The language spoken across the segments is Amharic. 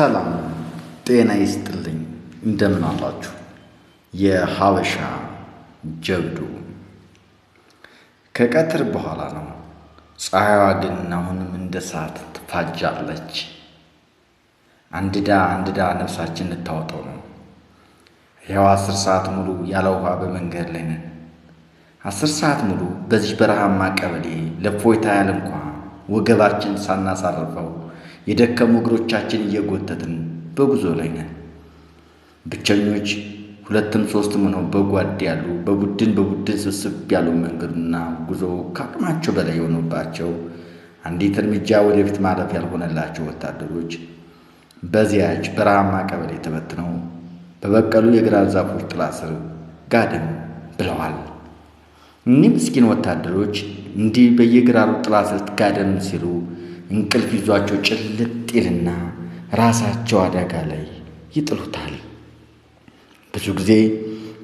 ሰላም ጤና ይስጥልኝ። እንደምን አላችሁ? የሀበሻ ጀብዱ ከቀትር በኋላ ነው። ፀሐይዋ ግን አሁንም እንደ ሰዓት ትፋጃለች። አንድዳ አንድዳ ነፍሳችን ልታወጣው ነው። ይኸው አስር ሰዓት ሙሉ ያለ ውሃ በመንገድ ላይ ነን። አስር ሰዓት ሙሉ በዚህ በረሃማ ቀበሌ ለፎይታ ያለ እንኳ ወገባችን ሳናሳርፈው የደከሙ እግሮቻችን እየጎተትን በጉዞ ላይ ነን። ብቸኞች ሁለትም ሶስትም ሆነው በጓድ ያሉ በቡድን በቡድን ስብስብ ያሉ መንገዱና ጉዞ ከአቅማቸው በላይ የሆኑባቸው አንዲት እርምጃ ወደፊት ማለፍ ያልሆነላቸው ወታደሮች በዚያች በረሃማ ቀበሌ ተበትነው በበቀሉ የግራር ዛፎች ጥላ ስር ጋደም ብለዋል። እኒህ ምስኪን ወታደሮች እንዲህ በየግራሩ ጥላ ስር ጋደም ሲሉ እንቅልፍ ይዟቸው ጭልጥ ይልና ራሳቸው አደጋ ላይ ይጥሉታል። ብዙ ጊዜ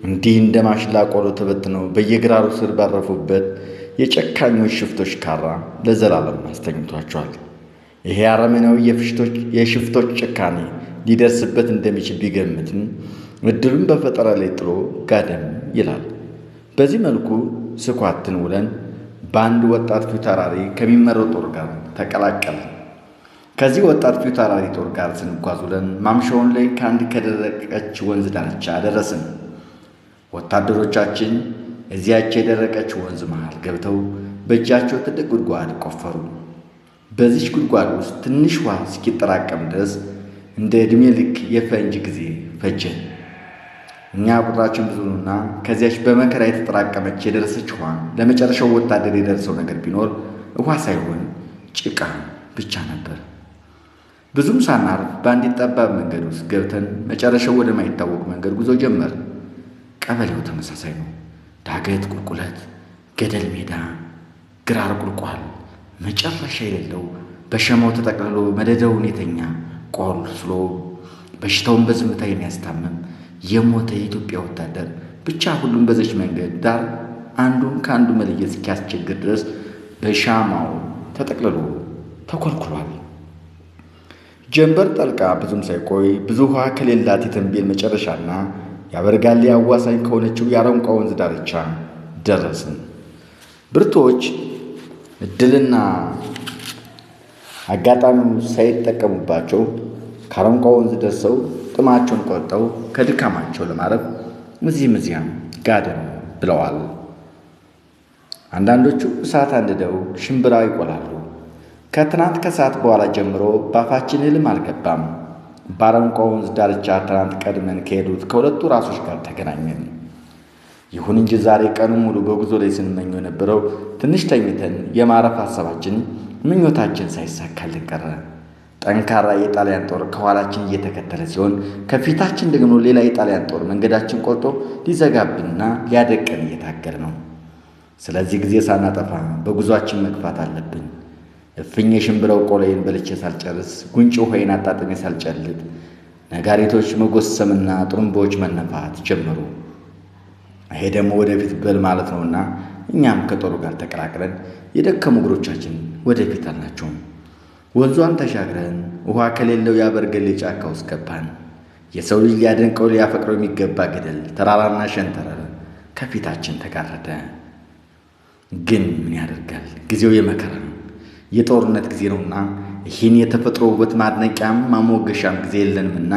እንዲህ እንደ ማሽላ ቆሎ ተበትነው በየግራሩ ስር ባረፉበት የጨካኞች ሽፍቶች ካራ ለዘላለም አስተኝቷቸዋል። ይሄ አረመናዊ የሽፍቶች ጭካኔ ሊደርስበት እንደሚችል ቢገምትም እድሉን በፈጠራ ላይ ጥሎ ጋደም ይላል። በዚህ መልኩ ስኳትን ውለን በአንድ ወጣት ፊት አውራሪ ከሚመራው ጦር ጋር ተቀላቀለ። ከዚህ ወጣት ፊት ጦር ጋር ስንጓዝ ውለን ማምሻውን ላይ ከአንድ ከደረቀች ወንዝ ዳርቻ ደረስን። ወታደሮቻችን እዚያች የደረቀች ወንዝ መሃል ገብተው በእጃቸው ትልቅ ጉድጓድ ቆፈሩ። በዚች ጉድጓድ ውስጥ ትንሽ ውሃ እስኪጠራቀም ድረስ እንደ ዕድሜ ልክ የፈንጅ ጊዜ ፈጀን። እኛ ቁጥራችን ብዙ ነውና ከዚያች በመከራ የተጠራቀመች የደረሰች ውሃ ለመጨረሻው ወታደር የደረሰው ነገር ቢኖር ውሃ ሳይሆን ጭቃ ብቻ ነበር። ብዙም ሳናርፍ በአንዲት ጠባብ መንገድ ውስጥ ገብተን መጨረሻው ወደማይታወቅ መንገድ ጉዞ ጀመር። ቀበሌው ተመሳሳይ ነው። ዳገት፣ ቁልቁለት፣ ገደል፣ ሜዳ፣ ግራር ቁልቋል፣ መጨረሻ የሌለው በሸማው ተጠቅልሎ መደዳውን የተኛ ስሎ በሽታውን በዝምታ የሚያስታምም የሞተ የኢትዮጵያ ወታደር ብቻ ሁሉም በዚች መንገድ ዳር አንዱን ከአንዱ መለየት እስኪያስቸግር ድረስ በሻማው ተጠቅልሎ ተኮልኩሏል። ጀንበር ጠልቃ ብዙም ሳይቆይ ብዙ ውሃ ከሌላት የተንቤል መጨረሻና ያበርጋሌ አዋሳኝ ከሆነችው የአረንቋ ወንዝ ዳርቻ ደረስን። ብርቶች እድልና አጋጣሚው ሳይጠቀሙባቸው ከአረንቋ ወንዝ ደርሰው ጥማቸውን ቆጠው ከድካማቸው ለማረፍ እዚህም እዚያም ጋደም ብለዋል። አንዳንዶቹ እሳት አንድደው ሽምብራ ይቆላሉ። ከትናንት ከሰዓት በኋላ ጀምሮ ባፋችን ህልም አልገባም። ባረንቋ ወንዝ ዳርቻ ትናንት ቀድመን ከሄዱት ከሁለቱ ራሶች ጋር ተገናኘን። ይሁን እንጂ ዛሬ ቀኑ ሙሉ በጉዞ ላይ ስንመኘው የነበረው ትንሽ ተኝተን የማረፍ ሀሳባችን ምኞታችን ሳይሳካልን ቀረ። ጠንካራ የጣሊያን ጦር ከኋላችን እየተከተለ ሲሆን ከፊታችን ደግሞ ሌላ የጣሊያን ጦር መንገዳችን ቆርጦ ሊዘጋብንና ሊያደቀን እየታገለ ነው። ስለዚህ ጊዜ ሳናጠፋ በጉዟችን መግፋት አለብን። እፍኝ የሽምብራው ቆሎዬን በልቼ ሳልጨርስ፣ ጉንጭ ሆይን አጣጥሜ ሳልጨልጥ፣ ነጋሪቶች መጎሰምና ጥሩምቦች መነፋት ጀመሩ። ይሄ ደግሞ ወደፊት በል ማለት ነውና እኛም ከጦሩ ጋር ተቀላቅለን የደከሙ እግሮቻችን ወደፊት አልናቸውም። ወንዟን ተሻግረን ውኃ ከሌለው ያበርገሌ ጫካ ውስጥ ገባን። የሰው ልጅ ሊያደንቀው ሊያፈቅረው የሚገባ ገደል፣ ተራራና ሸንተረር ከፊታችን ተጋረደ። ግን ምን ያደርጋል፣ ጊዜው የመከራ የጦርነት ጊዜ ነውና ይህን የተፈጥሮ ውበት ማድነቂያም ማሞገሻም ጊዜ የለንምና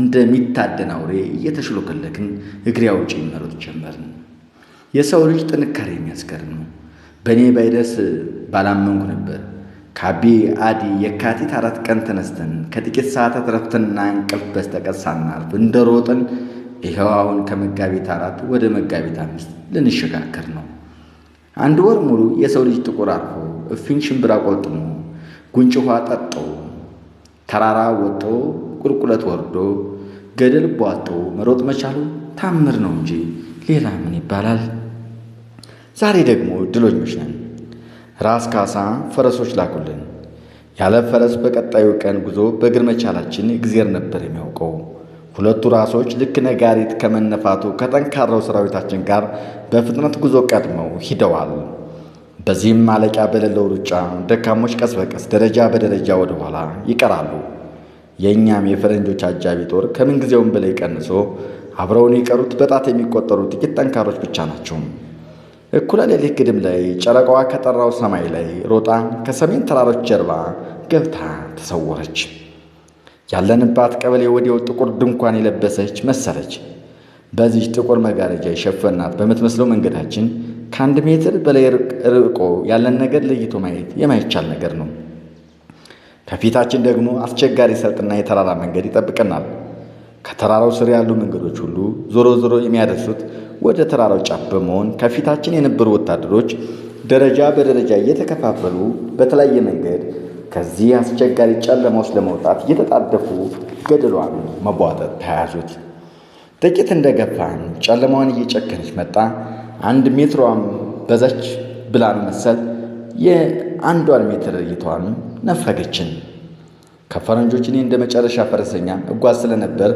እንደሚታደን አውሬ እየተሽሎከለክን እግሬ አውጪኝ መሮጥ ጀመርን። የሰው ልጅ ጥንካሬ የሚያስገርም ነው። በእኔ ባይደርስ ባላመንኩ ነበር። ካቤ አዲ የካቲት አራት ቀን ተነስተን ከጥቂት ሰዓታት ረፍትና እንቅልፍ በስተቀር ሳናርፍ እንደሮጥን ይኸው አሁን ከመጋቢት አራት ወደ መጋቢት አምስት ልንሸጋገር ነው። አንድ ወር ሙሉ የሰው ልጅ ጥቁር አርፎ እፍኝ ሽንብራ ቆልጥሞ ጉንጭ ውሃ ጠጦ ተራራ ወጦ ቁልቁለት ወርዶ ገደል ቧጦ መሮጥ መቻሉ ታምር ነው እንጂ ሌላ ምን ይባላል? ዛሬ ደግሞ ድሎኞች ነን። ራስ ካሳ ፈረሶች ላኩልን። ያለ ፈረስ በቀጣዩ ቀን ጉዞ በእግር መቻላችን እግዜር ነበር የሚያውቀው። ሁለቱ ራሶች ልክ ነጋሪት ከመነፋቱ ከጠንካራው ሰራዊታችን ጋር በፍጥነት ጉዞ ቀድመው ሂደዋል። በዚህም ማለቂያ በሌለው ሩጫ ደካሞች ቀስ በቀስ ደረጃ በደረጃ ወደ ኋላ ይቀራሉ። የእኛም የፈረንጆች አጃቢ ጦር ከምንጊዜውም በላይ ቀንሶ አብረውን የቀሩት በጣት የሚቆጠሩ ጥቂት ጠንካሮች ብቻ ናቸው። እኩለ ሌሊት ግድም ላይ ጨረቃዋ ከጠራው ሰማይ ላይ ሮጣ ከሰሜን ተራሮች ጀርባ ገብታ ተሰወረች። ያለንባት ቀበሌ ወዲያው ጥቁር ድንኳን የለበሰች መሰለች። በዚህ ጥቁር መጋረጃ የሸፈናት በምትመስለው መንገዳችን ከአንድ ሜትር በላይ ርቆ ያለን ነገር ለይቶ ማየት የማይቻል ነገር ነው። ከፊታችን ደግሞ አስቸጋሪ ሰልጥና የተራራ መንገድ ይጠብቀናል። ከተራራው ስር ያሉ መንገዶች ሁሉ ዞሮ ዞሮ የሚያደርሱት ወደ ተራራው ጫፍ በመሆን ከፊታችን የነበሩ ወታደሮች ደረጃ በደረጃ እየተከፋፈሉ በተለያየ መንገድ ከዚህ አስቸጋሪ ጨለማ ውስጥ ለመውጣት እየተጣደፉ ገደሏን መቧጠጥ ተያያዙት። ጥቂት እንደገፋን ጨለማዋን እየጨከነች መጣ። አንድ ሜትሯም በዛች ብላን መሰል የአንዷን ሜትር እይቷን ነፈገችን። ከፈረንጆች እኔ እንደ መጨረሻ ፈረሰኛ እጓዝ ስለነበር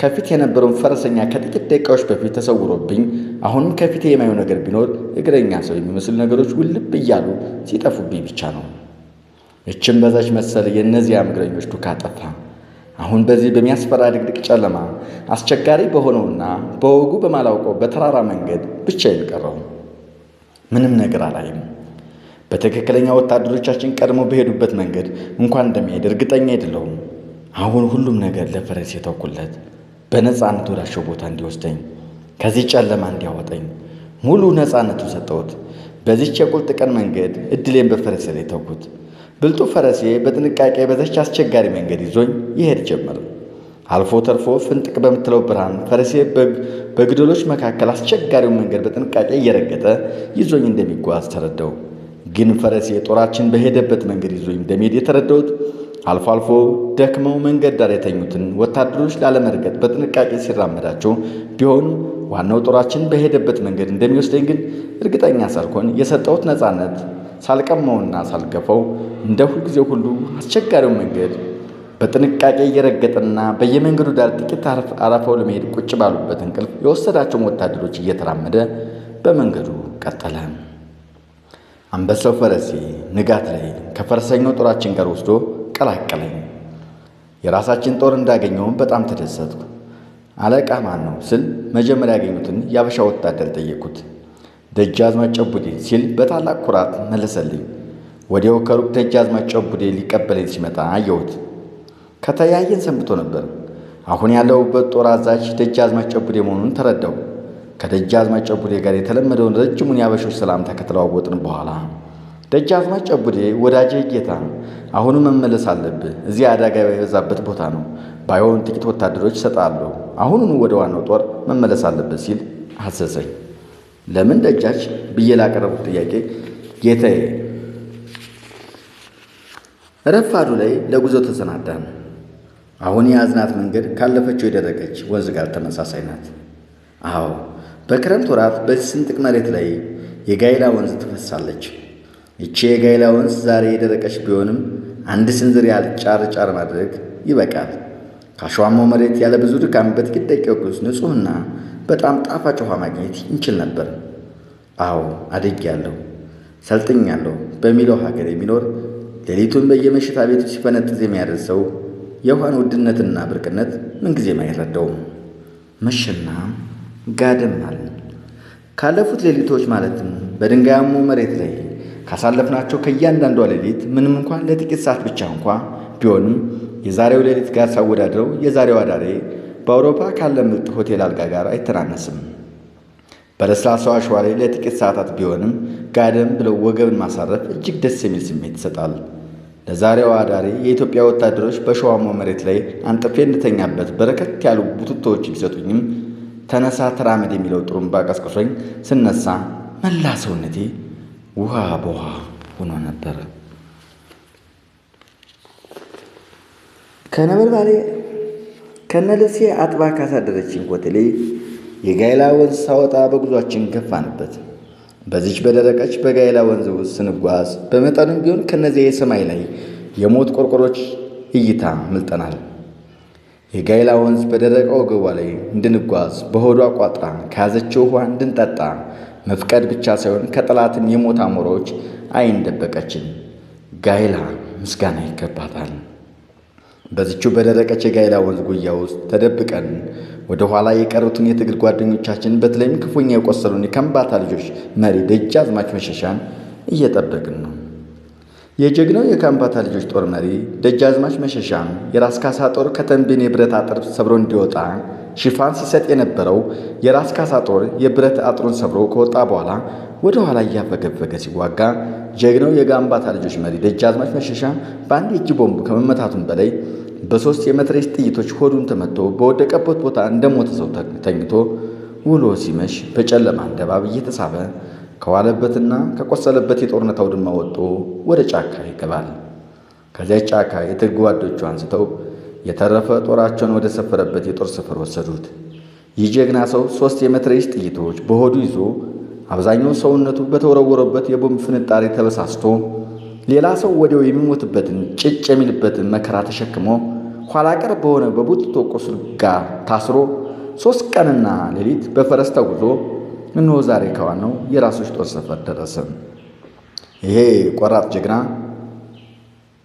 ከፊት የነበረውን ፈረሰኛ ከጥቂት ደቂቃዎች በፊት ተሰውሮብኝ፣ አሁንም ከፊቴ የማየው ነገር ቢኖር እግረኛ ሰው የሚመስሉ ነገሮች ውልብ እያሉ ሲጠፉብኝ ብቻ ነው። ይችም በዛች መሰል የእነዚያ እግረኞች ዱካ ጠፋ። አሁን በዚህ በሚያስፈራ ድቅድቅ ጨለማ አስቸጋሪ በሆነውና በወጉ በማላውቀው በተራራ መንገድ ብቻ ቀረሁ። ምንም ነገር አላይም። በትክክለኛ ወታደሮቻችን ቀድመው በሄዱበት መንገድ እንኳን እንደሚሄድ እርግጠኛ አይደለሁም። አሁን ሁሉም ነገር ለፈረስ የተውኩለት በነፃነት ወዳሸው ቦታ እንዲወስደኝ ከዚህ ጨለማ እንዲያወጠኝ ሙሉ ነፃነቱን ሰጠሁት። በዚች የቁርጥ ቀን መንገድ እድሌን በፈረሴ ላይ ተውኩት። ብልጡ ፈረሴ በጥንቃቄ በዚች አስቸጋሪ መንገድ ይዞኝ ይሄድ ጀመር። አልፎ ተርፎ ፍንጥቅ በምትለው ብርሃን ፈረሴ በግደሎች መካከል አስቸጋሪውን መንገድ በጥንቃቄ እየረገጠ ይዞኝ እንደሚጓዝ ተረዳው። ግን ፈረሴ ጦራችን በሄደበት መንገድ ይዞ እንደሚሄድ የተረዳሁት አልፎ አልፎ ደክመው መንገድ ዳር የተኙትን ወታደሮች ላለመርገጥ በጥንቃቄ ሲራመዳቸው ቢሆን ዋናው ጦራችን በሄደበት መንገድ እንደሚወስደኝ ግን እርግጠኛ ሳልኮን የሰጠሁት ነፃነት ሳልቀመውና ሳልገፈው እንደ ሁልጊዜ ሁሉ አስቸጋሪው መንገድ በጥንቃቄ እየረገጠና በየመንገዱ ዳር ጥቂት አረፈው ለመሄድ ቁጭ ባሉበት እንቅልፍ የወሰዳቸውን ወታደሮች እየተራመደ በመንገዱ ቀጠለ። አንበሳው ፈረሴ ንጋት ላይ ከፈረሰኛው ጦራችን ጋር ወስዶ ቀላቀለኝ። የራሳችን ጦር እንዳገኘውም በጣም ተደሰትኩ። አለቃ ማን ነው ስል መጀመሪያ ያገኙትን የአበሻ ወታደር ጠየቅኩት። ደጃዝማች ጨቡዴ ሲል በታላቅ ኩራት መለሰልኝ። ወዲያው ከሩቅ ደጃዝማች ጨቡዴ ሊቀበለኝ ሲመጣ አየሁት። ከተያየን ሰንብቶ ነበር። አሁን ያለሁበት ጦር አዛዥ ደጃዝማች ጨቡዴ መሆኑን ተረዳው። ከደጃዝማች ጨቡዴ ጋር የተለመደውን ረጅሙን የአበሾች ሰላምታ ከተለዋወጥን በኋላ ደጃዝማች ጨቡዴ ወዳጄ ጌታ፣ አሁንም መመለስ አለብህ። እዚህ አደጋ የበዛበት ቦታ ነው። ባይሆን ጥቂት ወታደሮች ይሰጣሉ። አሁኑኑ ወደ ዋናው ጦር መመለስ አለብህ ሲል አዘዘኝ። ለምን ደጃች ብዬ ላቀረቡት ጥያቄ ጌታዬ፣ ረፋዱ ላይ ለጉዞ ተሰናዳን። አሁን የያዝናት መንገድ ካለፈችው የደረቀች ወንዝ ጋር ተመሳሳይ ናት። አዎ በክረምት ወራት በዚህ ስንጥቅ መሬት ላይ የጋይላ ወንዝ ትፈሳለች። ይቺ የጋይላ ወንዝ ዛሬ የደረቀች ቢሆንም አንድ ስንዝር ያህል ጫር ጫር ማድረግ ይበቃል። ከአሸዋማው መሬት ያለ ብዙ ድካም በጥቂት ደቂቃዎች ንጹሕና በጣም ጣፋጭ ውሃ ማግኘት እንችል ነበር። አዎ አድጌያለሁ፣ ሰልጥኛለሁ በሚለው ሀገር የሚኖር ሌሊቱን በየመሸታ ቤቱ ሲፈነጥዝ የሚያደርሰው የውሃን ውድነትና ብርቅነት ምንጊዜም አይረዳውም። መሸና ጋደም አለ። ካለፉት ሌሊቶች ማለትም በድንጋያሙ መሬት ላይ ካሳለፍናቸው ከእያንዳንዷ ሌሊት ምንም እንኳን ለጥቂት ሰዓት ብቻ እንኳ ቢሆንም የዛሬው ሌሊት ጋር ሳወዳድረው የዛሬው አዳሬ በአውሮፓ ካለ ምርጥ ሆቴል አልጋ ጋር አይተናነስም። በለስላሳው አሸዋ ላይ ለጥቂት ሰዓታት ቢሆንም ጋደም ብለው ወገብን ማሳረፍ እጅግ ደስ የሚል ስሜት ይሰጣል። ለዛሬዋ አዳሪ የኢትዮጵያ ወታደሮች በሸዋማ መሬት ላይ አንጥፌ እንድተኛበት በረከት ያሉ ቡትቶዎች ቢሰጡኝም ተነሳ ተራመድ የሚለው ጥሩምባ ቀስቅሶኝ ስነሳ መላ ሰውነቴ ውሃ በውሃ ሆኖ ነበረ። ከነበልባሌ ከነደሴ አጥባ ካሳደረችን ኮተሌ የጋይላ ወንዝ ሳወጣ በጉዟችን ገፋንበት። በዚች በደረቀች በጋይላ ወንዝ ውስጥ ስንጓዝ በመጠኑም ቢሆን ከነዚያ የሰማይ ላይ የሞት ቆርቆሮች እይታ ምልጠናል። የጋይላ ወንዝ በደረቀ ወገቧ ላይ እንድንጓዝ በሆዷ ቋጥራ ከያዘችው ውኃ እንድንጠጣ መፍቀድ ብቻ ሳይሆን ከጠላትም የሞት አሞራዎች ዓይን ደበቀችን። ጋይላ ምስጋና ይገባታል። በዚችው በደረቀች የጋይላ ወንዝ ጉያ ውስጥ ተደብቀን ወደ ኋላ የቀሩትን የትግል ጓደኞቻችን በተለይም ክፉኛ የቆሰሉን የከምባታ ልጆች መሪ ደጃዝማች መሸሻን እየጠበቅን ነው። የጀግናው የካምባታ ልጆች ጦር መሪ ደጃዝማች መሸሻም የራስ ካሳ ጦር ከተንቤን የብረት አጥር ሰብሮ እንዲወጣ ሽፋን ሲሰጥ የነበረው የራስ ካሳ ጦር የብረት አጥሩን ሰብሮ ከወጣ በኋላ ወደ ኋላ እያፈገፈገ ሲዋጋ ጀግናው የጋምባታ ልጆች መሪ ደጃዝማች መሸሻ በአንድ የእጅ ቦምብ ከመመታቱን በላይ በሶስት የመትረየስ ጥይቶች ሆዱን ተመቶ በወደቀበት ቦታ እንደሞተ ሰው ተኝቶ ውሎ ሲመሽ በጨለማ እንደ እየተሳበ ከዋለበትና ከቆሰለበት የጦርነት አውድማ ወጥቶ ወደ ጫካ ይገባል። ከዚያ ጫካ የትግ ጓዶቹ አንስተው የተረፈ ጦራቸውን ወደ ሰፈረበት የጦር ሰፈር ወሰዱት። ይህ ጀግና ሰው ሦስት የመትረየስ ጥይቶች በሆዱ ይዞ አብዛኛው ሰውነቱ በተወረወረበት የቦምብ ፍንጣሪ ተበሳስቶ ሌላ ሰው ወዲያው የሚሞትበትን ጭጭ የሚልበትን መከራ ተሸክሞ ኋላ ቀር በሆነ በቡትቶ ቁስል ጋር ታስሮ ሦስት ቀንና ሌሊት በፈረስ ተጉዞ እንሆ ዛሬ ከዋናው የራሶች ጦር ሰፈር ደረስን። ይሄ ቆራጥ ጀግና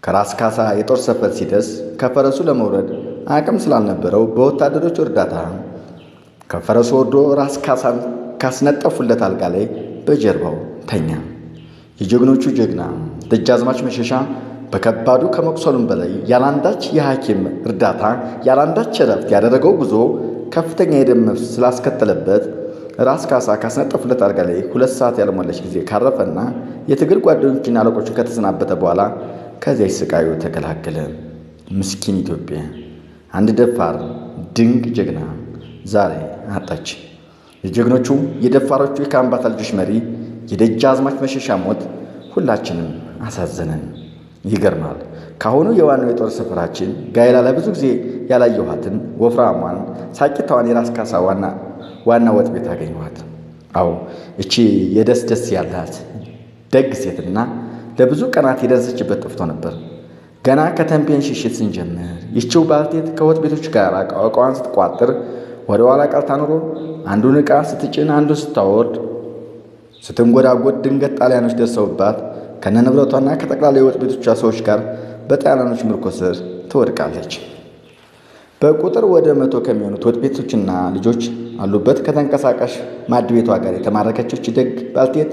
ከራስ ካሳ የጦር ሰፈር ሲደርስ ከፈረሱ ለመውረድ አቅም ስላልነበረው በወታደሮች እርዳታ ከፈረሱ ወርዶ ራስ ካሳን ካስነጠፉለት አልጋ ላይ በጀርባው ተኛ። የጀግኖቹ ጀግና ደጃዝማች መሸሻ በከባዱ ከመቁሰሉም በላይ ያላንዳች የሐኪም እርዳታ ያላንዳች እረፍት ያደረገው ጉዞ ከፍተኛ የደም መፍሰስ ስላስከተለበት ራስ ካሳ ካስነጠፉለት አልጋ ላይ ሁለት ሰዓት ያልሞላች ጊዜ ካረፈና የትግል ጓደኞችና አለቆቹን ከተሰናበተ በኋላ ከዚያች ስቃዩ ተከላከለ ምስኪን ኢትዮጵያ አንድ ደፋር ድንቅ ጀግና ዛሬ አጣች። የጀግኖቹ የደፋሮቹ የካምባታ ልጆች መሪ የደጃዝማች መሸሻ ሞት ሁላችንም አሳዘነን። ይገርማል። ካሁኑ የዋናው የጦር ሰፈራችን ጋይላ ለብዙ ጊዜ ያላየኋትን ወፍራሟን ሳቂታዋን የራስ ካሳ ዋና ዋና ወጥ ቤት አገኘኋት። አዎ እቺ የደስ ደስ ያላት ደግ ሴትና ለብዙ ቀናት የደረሰችበት ጠፍቶ ነበር። ገና ከተንቤን ሽሽት ስንጀምር ይችው ባልቴት ከወጥ ቤቶች ጋር እቃዋን ስትቋጥር ወደ ኋላ ቀርታ ኑሮ አንዱን እቃ ስትጭን አንዱን ስታወርድ ስትንጎዳጎድ ድንገት ጣሊያኖች ደርሰውባት ከነንብረቷና ከጠቅላላ የወጥ ቤቶቿ ሰዎች ጋር በጣሊያኖች ምርኮ ስር ትወድቃለች። በቁጥር ወደ መቶ ከሚሆኑት ወጥ ቤቶችና ልጆች አሉበት ከተንቀሳቃሽ ማድ ቤቷ ጋር የተማረከችች ደግ ባልቴት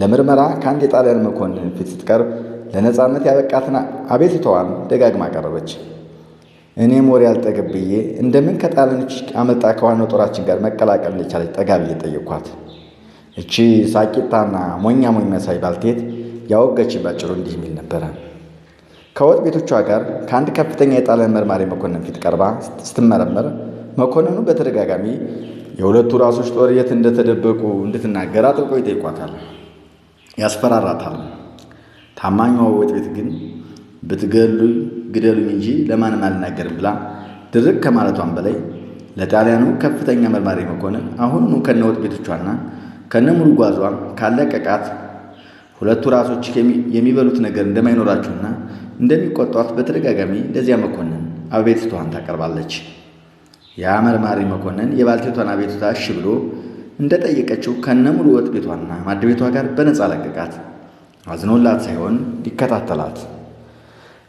ለምርመራ ከአንድ የጣሊያን መኮንን ፊት ስትቀርብ ለነፃነት ያበቃትን አቤቱታዋን ደጋግማ አቀረበች። እኔም ወሬ አልጠገብ ብዬ እንደምን ከጣሊያኖች አመልጣ ከዋናው ጦራችን ጋር መቀላቀል እንደቻለች ጠጋ ብዬ ጠየኳት። እቺ ሳቂጣና ሞኛ ሞኝ መሳይ ባልቴት ያወገች ባጭሩ እንዲህ የሚል ነበረ። ከወጥ ቤቶቿ ጋር ከአንድ ከፍተኛ የጣሊያን መርማሪ መኮንን ፊት ቀርባ ስትመረመር መኮንኑ በተደጋጋሚ የሁለቱ ራሶች ጦር የት እንደተደበቁ እንድትናገር አጥብቆ ይጠይቋታል፣ ያስፈራራታል። ታማኟ ወጥቤት ግን ብትገሉኝ ግደሉኝ እንጂ ለማንም አልናገርም ብላ ድርቅ ከማለቷን በላይ ለጣሊያኑ ከፍተኛ መርማሪ መኮንን አሁኑኑ ከነ ወጥ ቤቶቿና ከነ ሙሉ ጓዟ ካለቀቃት ሁለቱ ራሶች የሚበሉት ነገር እንደማይኖራቸውና እንደሚቆጧት በተደጋጋሚ ለዚያ መኮንን አቤቱታዋን ታቀርባለች። ያ መርማሪ መኮንን የባልቴቷን አቤቱታ እሺ ብሎ እንደጠየቀችው ከነሙሉ ወጥ ቤቷና ማድ ቤቷ ጋር በነፃ ለቀቃት። አዝኖላት ሳይሆን ሊከታተላት።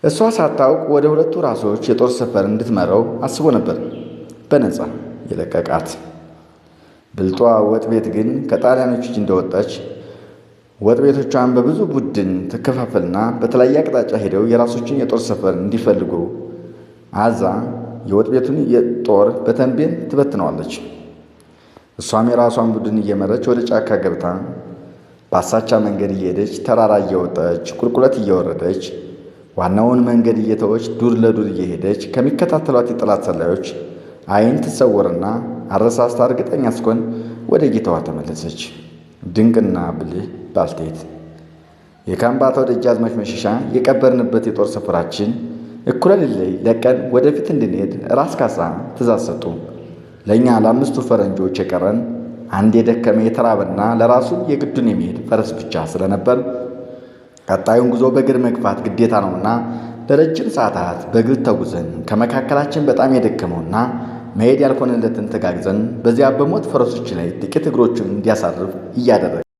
እሷ ሳታውቅ ወደ ሁለቱ ራሶች የጦር ሰፈር እንድትመራው አስቦ ነበር በነፃ የለቀቃት። ብልጧ ወጥ ቤት ግን ከጣሊያኖች እጅ እንደወጣች ወጥ ቤቶቿን በብዙ ቡድን ትከፋፈልና በተለያየ አቅጣጫ ሄደው የራሶችን የጦር ሰፈር እንዲፈልጉ አዛ የወጥ ቤቱን ጦር በተንቤን ትበትነዋለች። እሷም የራሷን ቡድን እየመረች ወደ ጫካ ገብታ በአሳቻ መንገድ እየሄደች ተራራ እየወጠች ቁልቁለት እየወረደች ዋናውን መንገድ እየተወች ዱር ለዱር እየሄደች ከሚከታተሏት የጠላት ሰላዮች አይን ትሰወርና አረሳስታ እርግጠኛ ስኮን ወደ ጌታዋ ተመለሰች። ድንቅና ብልህ ባልቴት የካምባታው ደጃዝማች መሸሻ የቀበርንበት የጦር ሰፈራችን እኩለ ሌሊት ለቀን ወደፊት እንድንሄድ ራስ ካሳ ትእዛዝ ሰጡ። ለእኛ ለአምስቱ ፈረንጆች የቀረን አንድ የደከመ የተራበና ለራሱ የግዱን የሚሄድ ፈረስ ብቻ ስለነበር ቀጣዩን ጉዞ በእግር መግፋት ግዴታ ነውና ለረጅም ሰዓታት በእግር ተጉዘን ከመካከላችን በጣም የደከመውና መሄድ ያልኮንለትን ተጋግዘን በዚያ በሞት ፈረሶች ላይ ጥቂት እግሮቹን እንዲያሳርፍ እያደረገ